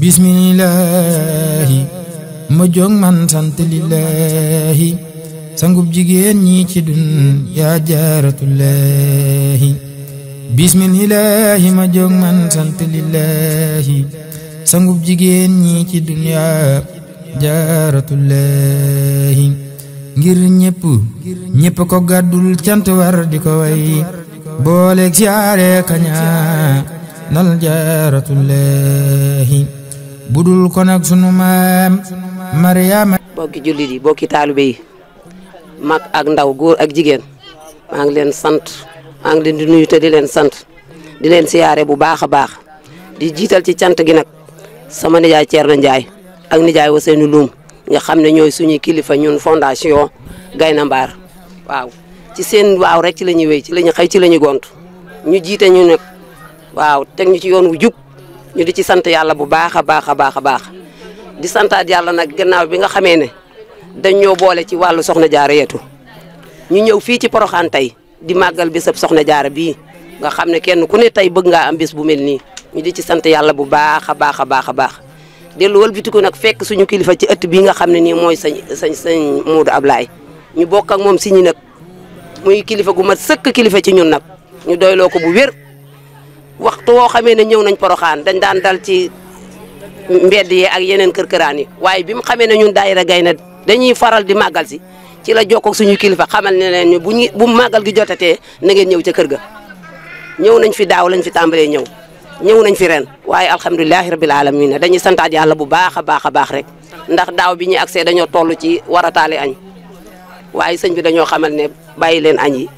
bismillaahi ma jóg man sant lillaahi sangub jigéen ñi ci dun yaa jaaratullaahi bismillaahi ma jóg man sant lillaahi sangub jigéen ñi ci dun yaa jaaratullaahi ngir ñépp ñépp ko gàddul cant war di ko way booleeg siyaare kaña nal jaaratullaahi budul ko nag sunu maam Mariama. bokki jullit yi bokki taalu yi mag ak ndaw góor ak jigéen maa ngi leen sant maa ngi leen di nuyuta di leen sant di leen siyaare bu baax a baax di jiital ci cant gi nag sama nijaay Thierno njaay ak nijaay Ousseynou Loum nga xam ne ñooy suñu kilifa ñun fondation Gaïndé Mbar waaw ci seen waaw rek ci la ñuy wéy ci la ñuy xëy ci la ñuy gont ñu jiite ñu nag waaw teg ñu ci yoon wu jub. ñu di ci sant yalla bu baaxa baaxa baaxa baax di santaat yàlla nag gannaaw bi nga xamé ne dañ ñoo boole ci walu soxna jaar yeetu ñu ñew fi ci poroxaan tay di magal bisab soxna jaar bi. nga xam kenn ku ne tay bëgg nga am bis bu melni ñu di ci sant yalla bu baaxa baaxa baaxa baax delu wal dellu nak fekk suñu kilifa ci ëtt bi nga xam ni moy señ señ sañ sañ ñu bok ak mom siñi nak muy kilifa gu mat sekk kilifa ci ñun nak ñu doylo ko bu wër waxtu woo xamee ne ñëw nañ poroxaan dañ daan dal ci mbedd yi ak yeneen kër këraan yi waaye bi mu xamee ne ñun daayira gayna dañuy faral di màggal si ci la jokkoog suñu kilifa xamal ne leen bu ñu bu màggal gi jotatee na ngeen ñëw ca kër ga. ñëw nañ fi daaw lañ fi tàmbalee ñëw ñëw nañ fi ren waaye alhamdulilahi rabil alamin dañuy santaat yàlla bu baax a baax a baax rek ndax daaw bi ñuy accès dañoo tollu ci war a taale añ waaye sëñ bi dañoo xamal ne bàyyi leen añ yi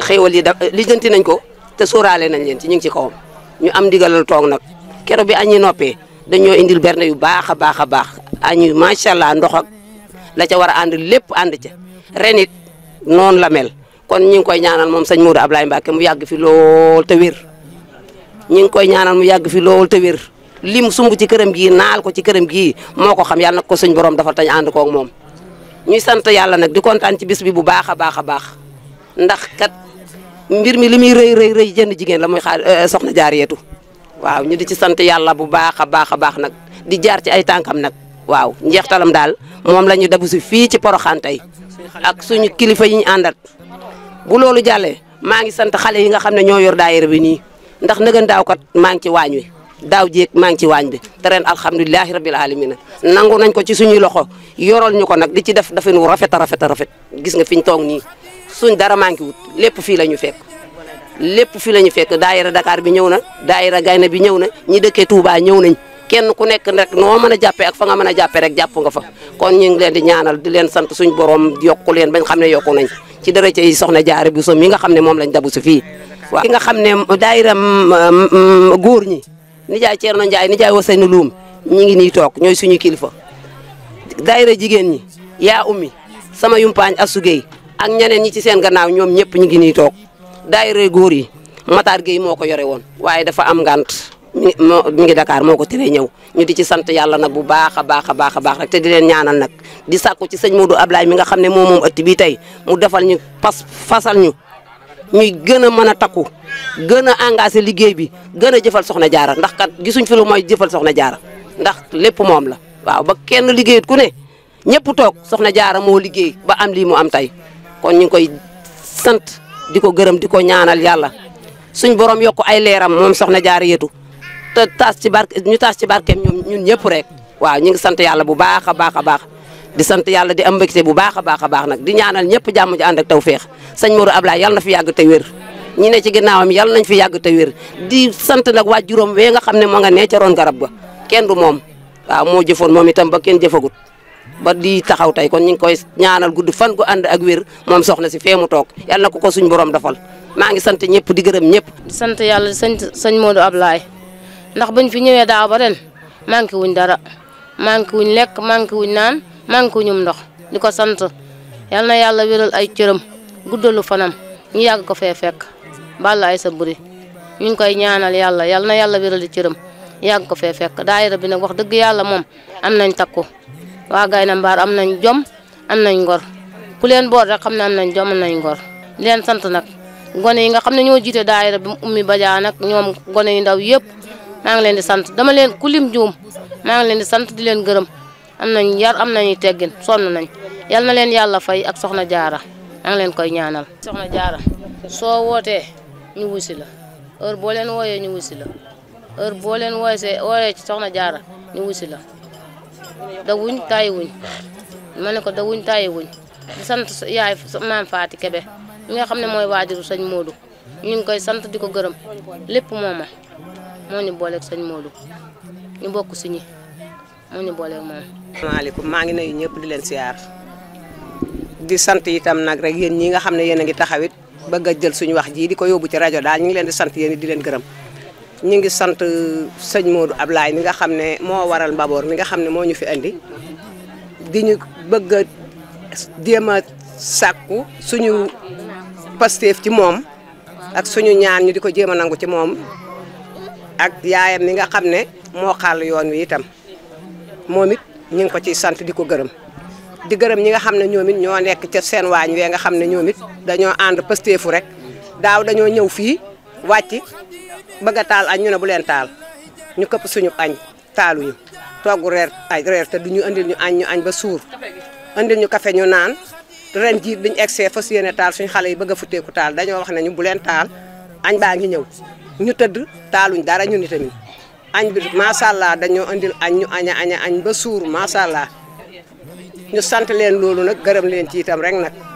xéewal yi da lijjanti nañ ko te sóoraale nañ len ci ñing ci xawm ñu am digalal tok nak, kero bi añi noppee dañu indil berne yu baaxa baaxa baax a añu allah ndox ak la ca wara and lepp and ca renit non la mel kon ñing koy ñaanal mom sëñ mourou Ablaye mbake mu yàgg fi lol te wir ñing koy ñaanal mu yàgg fi lol te wir lim sumbu ci kërëm gi naal ko ci kërëm gi moko xam yalla ko suñ borom dafa tañ ko ak mom ñuy sante yalla nak di contane ci bis bi bu baaxa baaxa baax ndax kat mbir mi li muy rëy rëy rëy jigéen la muy xaar euh, soxna jaar yétu waaw ñu di ci sant yàlla bu baax a baax a baax nag di jaar ci ay tànkam nag waaw njeextalam daal moom la ñu dabu si fii ci Porokhane tey ak suñu kilifa yi ñu àndat bu loolu jàllee maa ngi sant xale yi nga xam ne ñoo yor daayira bi nii ndax nëgën daaw kat maa ngi ci waañ wi daaw jéeg maa ngi ci waañ bi te ren alhamdulilahi rabil alamina nangu nañ ko ci suñuy loxo yoral ñu ko nag di ci def dafin wu rafet a rafet a rafet gis nga fi ñu toog nii suñ dara manqué wut lépp fii la ñu fekk lépp fii la ñu fekk daayira Dakar bi ñëw na daayira Gaynde bi ñëw na ñi dëkkee Touba ñëw nañ kenn ku nekk rek noo mën a jàppee ak fa nga mën a jàppee rek jàpp nga fa kon ñu ngi di ñaanal di leen sant suñ borom yokku leen bañ xam ne yokku nañ ci dara ci soxna jaare bu som yi nga xam ne moom lañ dabu si fii waaw ki nga xam ne daayira mm, mm, mm, góor ñi nijaay Thierno Ndiaye nijaay Ousseynou Loum ñi ngi nii toog ñooy suñu kilifa daayira jigéen ñi yaa ummi sama yumpaañ ak ñeneen ñi ci seen gannaaw ñoom ñëpp ñu ngi nii toog daayira góor yi mataar Gueye moo ko yore woon waaye dafa am ngant mi mi ngi dakaar moo ko teree ñëw ñu di ci sant yàlla nag bu baax a baax a baax a baax rek te di leen ñaanal nag di sàkku ci sëñ Modou ablaay mi nga xam ne moom moom ëtt bii tey mu defal ñu pas fasal ñu ñuy gën a mën a takku gën a engagé liggéey bi gën a jëfal soxna jaara ndax kat gisuñ fi mooy jëfal soxna jaara ndax lépp moom la waaw ba kenn liggéeyut ku ne ñëpp toog soxna jaara moo liggéey ba am mu am tey kon ñu ngi koy sant di ko gërëm di ko ñaanal yàlla suñ borom yokk ay leeram moom soxna Jaariyatu te taas ci barke ñu taas ci barkeem ñoom ñun ñëpp rek waaw ñu ngi sante yàlla bu baax a baax a baax di sant yàlla di am mbégte bu baax a baax a baax nag di ñaanal ñëpp jàmm ji ànd ak tawféex sëñ Modou Ablaye yàlla na fi yàgg te wér ñi ne ci ginnaawam yàlla nañ fi yàgg te wér di sant nag waa juróom wee nga xam ne moo nga nee ca roon garab ga kenn du moom waaw moo jëfoon moom itam ba kenn jëfagut ba di taxaw tey kon ñu ngi koy ñaanal gudd fan gu ànd ak wér moom soxna si fee mu toog yàlla ko ko suñ borom dafal maa ngi sant ñëpp di gërëm ñëpp. di sant yàlla di sant sëñ a Ablaye ndax bañ fi ñëwee daaw ba ren manqué wuñ dara manqué wuñ lekk manqué wuñ naan manqué wuñum ndox di ko sant yal na yàlla wéral ay cëram guddalu fanam ñu yàgg ko fee fekk balla ay sa buri ñu ngi koy ñaanal yàlla yal na yàlla wéral ay cëram yàgg ko fee fekk daayira bi nag wax dëgg yàlla moom am nañ takku. waa Gaynde Mbaar am nañ jom am nañ ngor ku leen boor rek xam ne am nañ jom am nañ ngor leen sant nag gone yi nga xam ne ñoo jiite daayira bi ummi bajaa nag ñoom gone yu ndaw yëpp maa ngi leen di sant dama leen ku lim juum maa ngi leen di sant di leen gërëm am nañ yar am nañu teggin sonn nañ yal na leen yàlla fay ak soxna jaara maa ngi leen koy ñaanal. soxna jaara soo wootee ñu wusi la heure boo leen wooyee ñu wusi la heure boo leen wooyee ci soxna jaara ñu wusi la. dawuñ tàyyiwuñ ma ne ko dawuñ tàyyiwuñ di sant yaay maam Faati Kebe nga xam ne mooy waajuru sëñ Modou ñu ngi koy sant di ko gërëm lépp moo ma moo ni booleeg sañ Modou ñu bokk si ñi moo ñu booleeg moom. asalaamaaleykum maa ngi ne ñëpp di leen siyaar di sant itam nag rek yéen ñi nga xam ne yéen a ngi taxawit bëgg a jël suñu wax jii di ko yóbbu ci rajo daal ñu ngi leen di sant yéen di leen gërëm. ñu ngi sant sëñ Modou Ablaye mi nga xam waral babor, mi nga xam ne moo ñu fi andi di ñu bëgg a jéem suñu ci ak suñu ñaan ñu di ko jéem a nangu ci moom ak yaayam mi nga xam ne moo yoon wi itam moom it ngi ko ciy sant di ko gërëm di gërëm ñi nga xam ne ñoom it ñoo nekk ca seen waañ wee nga xam ne ñoom it dañoo ànd pasteefu rek daaw dañoo bëgg taal añ ñu ne bu leen taal ñu këpp suñu añ taaluñu togg reer ay reer te du ñu andil ñu añ ñu añ ba suur andil ñu kafe ñu naan ren jii biñu egsee fas yéene taal suñu xale yi bëgg a futteeku taal dañoo wax ne ñu bu leen taal añ baa ngi ñëw ñu tëdd taaluñ dara ñu ni tamit añ bi macha allah dañoo andil añ ñu aña aña añ ba suur macha allah ñu sant leen loolu nag gërëm leen ci rek nag